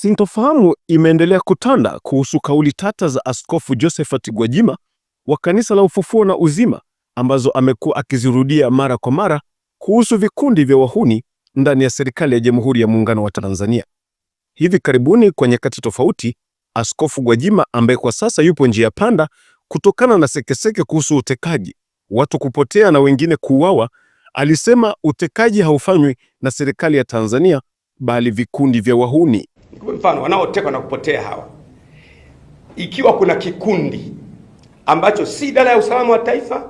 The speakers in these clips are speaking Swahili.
Sintofahamu imeendelea kutanda kuhusu kauli tata za Askofu Josephat Gwajima wa Kanisa la Ufufuo na Uzima ambazo amekuwa akizirudia mara kwa mara kuhusu vikundi vya wahuni ndani ya serikali ya Jamhuri ya Muungano wa Tanzania. Hivi karibuni kwa nyakati tofauti, Askofu Gwajima ambaye kwa sasa yupo njia panda kutokana na sekeseke kuhusu utekaji, watu kupotea na wengine kuuawa, alisema utekaji haufanywi na serikali ya Tanzania bali vikundi vya wahuni kwa mfano, wanaotekwa na kupotea hawa, ikiwa kuna kikundi ambacho si idara ya usalama wa taifa,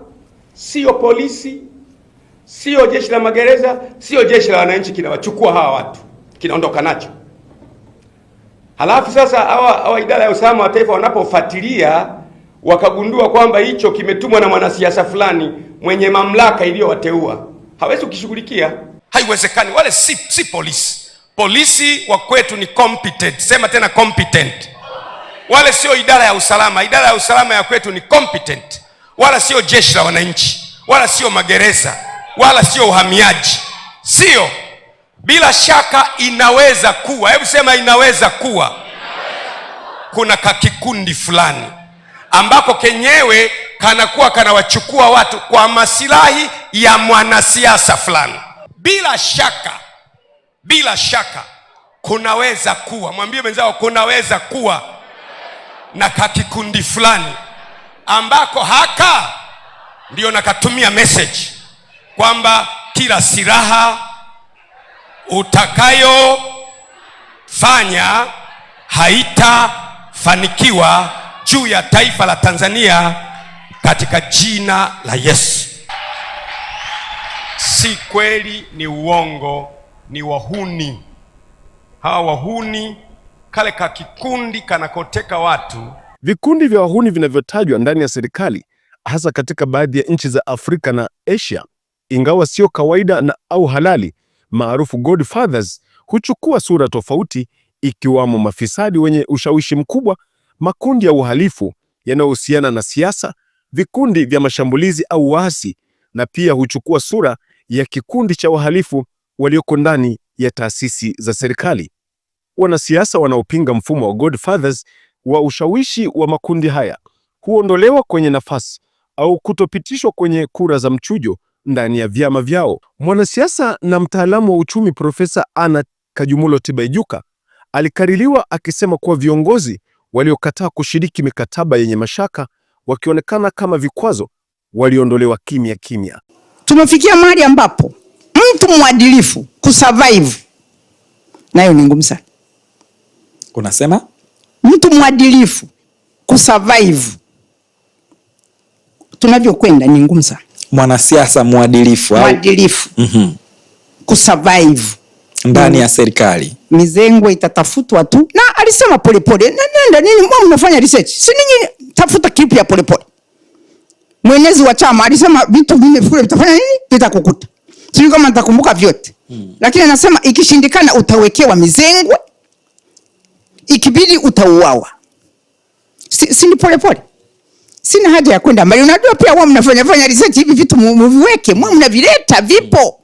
sio polisi, sio jeshi la magereza, sio jeshi la wananchi, kinawachukua hawa watu, kinaondoka nacho Halafu sasa hawa hawa idara ya usalama wa taifa wanapofuatilia wakagundua kwamba hicho kimetumwa na mwanasiasa fulani mwenye mamlaka iliyowateua, hawezi kukishughulikia. Haiwezekani, wale si, si polisi. Polisi wa kwetu ni competent. Sema tena competent. Wale sio idara ya usalama. Idara ya usalama ya kwetu ni competent, wala sio jeshi la wananchi, wala sio magereza, wala sio uhamiaji. Sio, bila shaka inaweza kuwa, hebu sema inaweza kuwa, inaweza kuwa kuna kakikundi fulani ambako kenyewe kanakuwa kanawachukua watu kwa masilahi ya mwanasiasa fulani, bila shaka bila shaka kunaweza kuwa, mwambie mwenzao, kunaweza kuwa na kakikundi fulani ambako haka ndio nakatumia message kwamba kila silaha utakayofanya haitafanikiwa juu ya taifa la Tanzania katika jina la Yesu. Si kweli, ni uongo ni wahuni. Hawa wahuni kale ka kikundi kanakoteka watu. Vikundi vya wahuni vinavyotajwa ndani ya serikali hasa katika baadhi ya nchi za Afrika na Asia, ingawa sio kawaida na au halali, maarufu Godfathers, huchukua sura tofauti, ikiwamo mafisadi wenye ushawishi mkubwa, makundi ya uhalifu yanayohusiana na siasa, vikundi vya mashambulizi au waasi, na pia huchukua sura ya kikundi cha wahalifu walioko ndani ya taasisi za serikali. Wanasiasa wanaopinga mfumo wa Godfathers wa ushawishi wa makundi haya huondolewa kwenye nafasi au kutopitishwa kwenye kura za mchujo ndani ya vyama vyao. Mwanasiasa na mtaalamu wa uchumi Profesa Anna Kajumulo Tibaijuka alikaririwa akisema kuwa viongozi waliokataa kushiriki mikataba yenye mashaka wakionekana kama vikwazo waliondolewa kimya kimya. Tumefikia mahali ambapo mtu mwadilifu kusurvive nayo ni ngumu sana. Unasema mtu mwadilifu kusurvive tunavyokwenda ni ngumu sana. Mwanasiasa mwadilifu au mwadilifu mm -hmm. kusurvive ndani ya mm. serikali mizengo itatafutwa tu, na alisema Polepole nenda nini, mwa mnafanya research, si ninyi tafuta kipi ya Polepole mwenezi wa chama alisema vitu vile vile, vitafanya nini, vitakukuta sijui kama nitakumbuka vyote hmm. Lakini anasema ikishindikana utawekewa mizengwe, ikibidi utauawa. Si, si ni polepole sina haja ya kwenda mbali. Unajua pia wao mnafanya fanya research hivi vitu mviweke, mwa mnavileta vipo.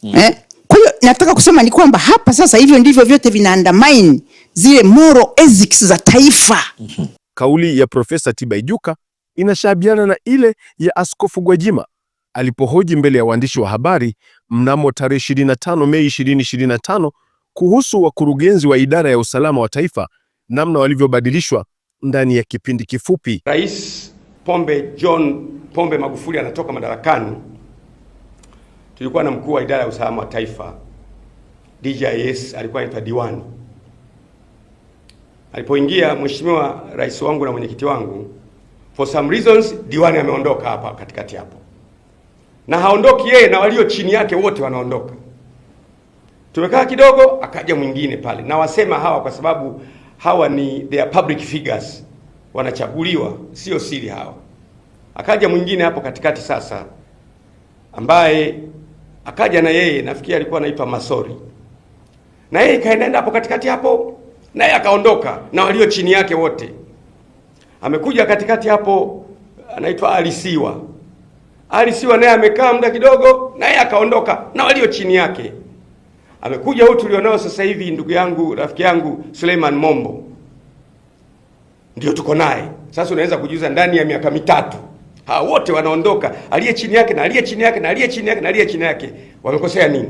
hmm. Eh? Kwa hiyo nataka kusema ni kwamba hapa sasa hivyo ndivyo vyote vinaandamine zile moral ethics za taifa. -hmm. Kauli ya Profesa Tibaijuka inashabiana na ile ya Askofu Gwajima alipohoji mbele ya waandishi wa habari mnamo tarehe 25 Mei 2025 kuhusu wakurugenzi wa idara ya usalama wa taifa namna walivyobadilishwa ndani ya kipindi kifupi. Rais Pombe John Pombe Magufuli anatoka madarakani, tulikuwa na mkuu wa idara ya usalama wa taifa DJS, alikuwa anaitwa Diwani. Alipoingia mheshimiwa rais wangu na mwenyekiti wangu, for some reasons Diwani ameondoka hapa katikati hapo na haondoki yeye na walio chini yake wote wanaondoka. Tumekaa kidogo, akaja mwingine pale, na wasema hawa kwa sababu hawa ni their public figures, wanachaguliwa, sio siri hawa. Akaja mwingine hapo katikati sasa, ambaye akaja na yeye, nafikiri alikuwa anaitwa Masori, na yeye kaenda hapo katikati hapo, naye akaondoka na walio chini yake wote. Amekuja katikati hapo, anaitwa Alisiwa ali Siwa naye amekaa muda kidogo, naye akaondoka na walio chini yake. Amekuja huyu tulionao sasa hivi, ndugu yangu, rafiki yangu Suleiman Mombo, ndio tuko naye sasa. Unaweza kujiuza ndani ya miaka mitatu hawa wote wanaondoka, aliye chini yake na aliye chini yake na aliye chini yake na aliye chini yake, wamekosea nini?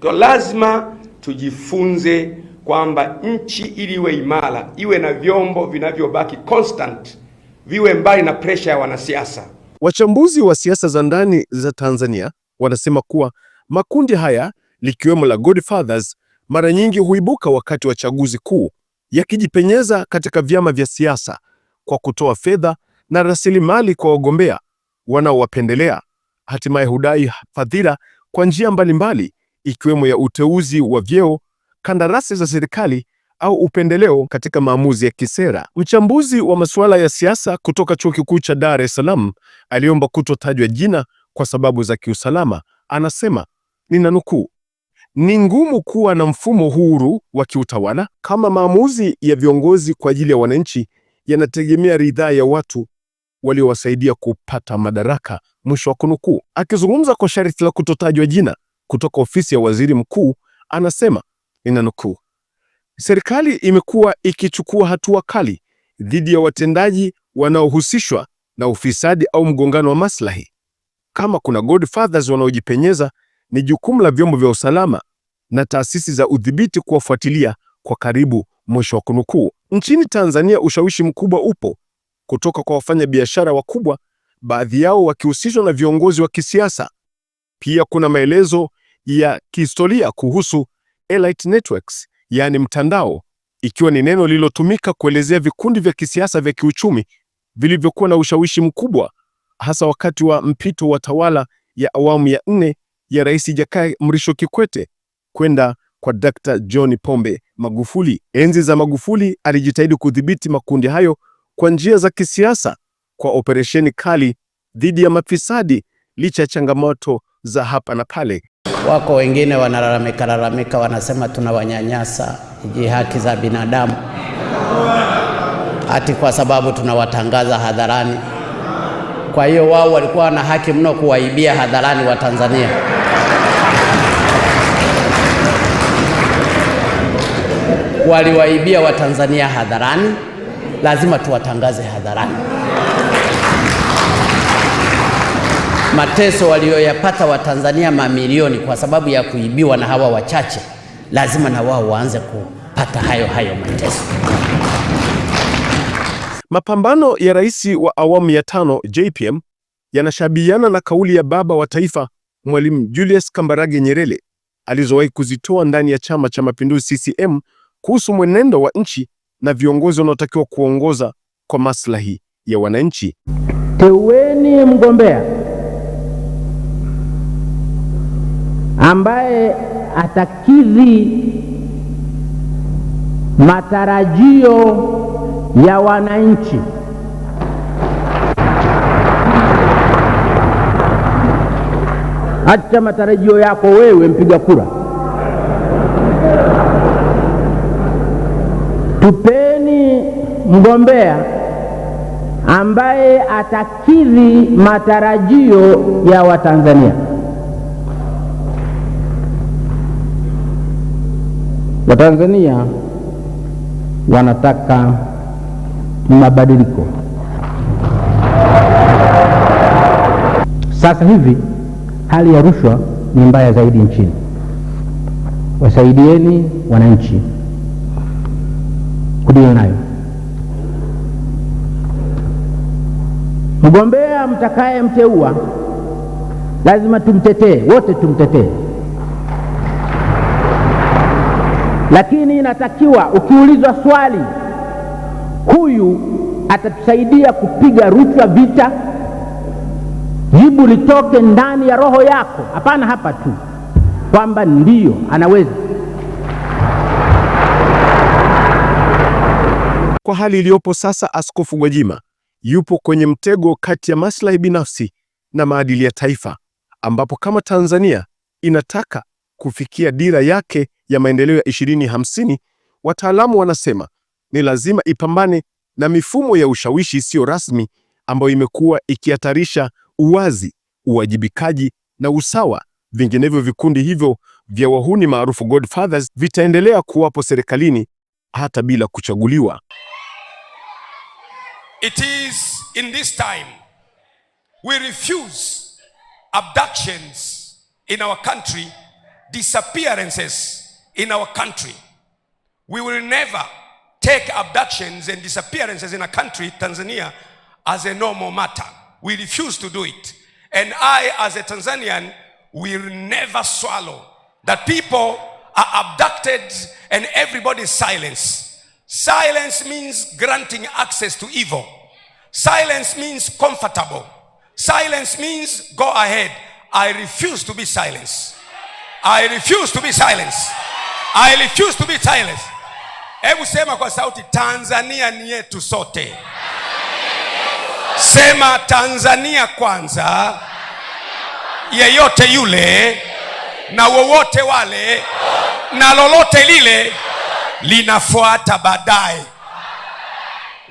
Kwa lazima tujifunze kwamba nchi ili iwe imara iwe na vyombo vinavyobaki constant, viwe mbali na pressure ya wanasiasa. Wachambuzi wa siasa za ndani za Tanzania wanasema kuwa makundi haya likiwemo la Godfathers mara nyingi huibuka wakati wa chaguzi kuu, yakijipenyeza katika vyama vya siasa kwa kutoa fedha na rasilimali kwa wagombea wanaowapendelea, hatimaye hudai fadhila kwa njia mbalimbali ikiwemo ya uteuzi wa vyeo, kandarasi za serikali au upendeleo katika maamuzi ya kisera. Mchambuzi wa masuala ya siasa kutoka Chuo Kikuu cha Dar es Salaam aliomba kutotajwa jina kwa sababu za kiusalama. Anasema, ninanukuu, ni ngumu kuwa na mfumo huru wa kiutawala kama maamuzi ya viongozi kwa ajili ya wananchi yanategemea ridhaa ya watu waliowasaidia kupata madaraka, mwisho wa kunukuu. Akizungumza kwa sharti la kutotajwa jina kutoka ofisi ya waziri mkuu, anasema ninanukuu, Serikali imekuwa ikichukua hatua kali dhidi ya watendaji wanaohusishwa na ufisadi au mgongano wa maslahi. Kama kuna godfathers wanaojipenyeza, ni jukumu la vyombo vya usalama na taasisi za udhibiti kuwafuatilia kwa karibu. Mwisho wa kunukuu. Nchini Tanzania, ushawishi mkubwa upo kutoka kwa wafanyabiashara wakubwa, baadhi yao wakihusishwa na viongozi wa kisiasa. Pia kuna maelezo ya kihistoria kuhusu elite networks yaani mtandao, ikiwa ni neno lililotumika kuelezea vikundi vya kisiasa vya kiuchumi vilivyokuwa na ushawishi mkubwa hasa wakati wa mpito wa tawala ya awamu ya nne ya Rais Jakaya Mrisho Kikwete kwenda kwa Dr. John Pombe Magufuli. Enzi za Magufuli alijitahidi kudhibiti makundi hayo kwa njia za kisiasa kwa operesheni kali dhidi ya mafisadi licha ya changamoto za hapa na pale. Wako wengine wanalalamika lalamika, wanasema tunawanyanyasa hiji haki za binadamu ati kwa sababu tunawatangaza hadharani. Kwa hiyo wao walikuwa wana haki mno kuwaibia hadharani wa Tanzania. Waliwaibia Watanzania hadharani, lazima tuwatangaze hadharani mateso waliyoyapata Watanzania mamilioni kwa sababu ya kuibiwa na hawa wachache, lazima na wao waanze kupata hayo hayo mateso. Mapambano ya rais wa awamu ya tano JPM yanashabihiana na kauli ya baba wa taifa Mwalimu Julius Kambarage Nyerere alizowahi kuzitoa ndani ya Chama cha Mapinduzi CCM kuhusu mwenendo wa nchi na viongozi wanaotakiwa kuongoza kwa maslahi ya wananchi. Teweni mgombea ambaye atakidhi matarajio ya wananchi. hata matarajio yako wewe, mpiga kura. Tupeni mgombea ambaye atakidhi matarajio ya Watanzania. Watanzania wanataka mabadiliko. Sasa hivi hali ya rushwa ni mbaya zaidi nchini. Wasaidieni wananchi kudili nayo. Mgombea mtakayemteua lazima tumtetee wote, tumtetee lakini inatakiwa ukiulizwa swali, huyu atatusaidia kupiga rushwa vita, jibu litoke ndani ya roho yako, hapana hapa tu kwamba ndiyo anaweza. Kwa hali iliyopo sasa, Askofu Gwajima yupo kwenye mtego kati ya maslahi binafsi na maadili ya taifa, ambapo kama Tanzania inataka kufikia dira yake ya maendeleo ya 2050, wataalamu wanasema ni lazima ipambane na mifumo ya ushawishi isiyo rasmi ambayo imekuwa ikihatarisha uwazi, uwajibikaji na usawa. Vinginevyo vikundi hivyo vya wahuni maarufu Godfathers vitaendelea kuwapo serikalini hata bila kuchaguliwa. It is in this time we refuse abductions in our country. disappearances in our country. We will never take abductions and disappearances in a country, Tanzania, as a normal matter. We refuse to do it. And I, as a Tanzanian, will never swallow that people are abducted and everybody's silence. Silence means granting access to evil. Silence means comfortable. Silence means go ahead. I refuse to be silenced. I refuse to be silenced. I refuse to be silenced. Hebu sema kwa sauti, Tanzania ni yetu sote. Sema Tanzania kwanza, yeyote yule na wowote wale na lolote lile linafuata baadaye.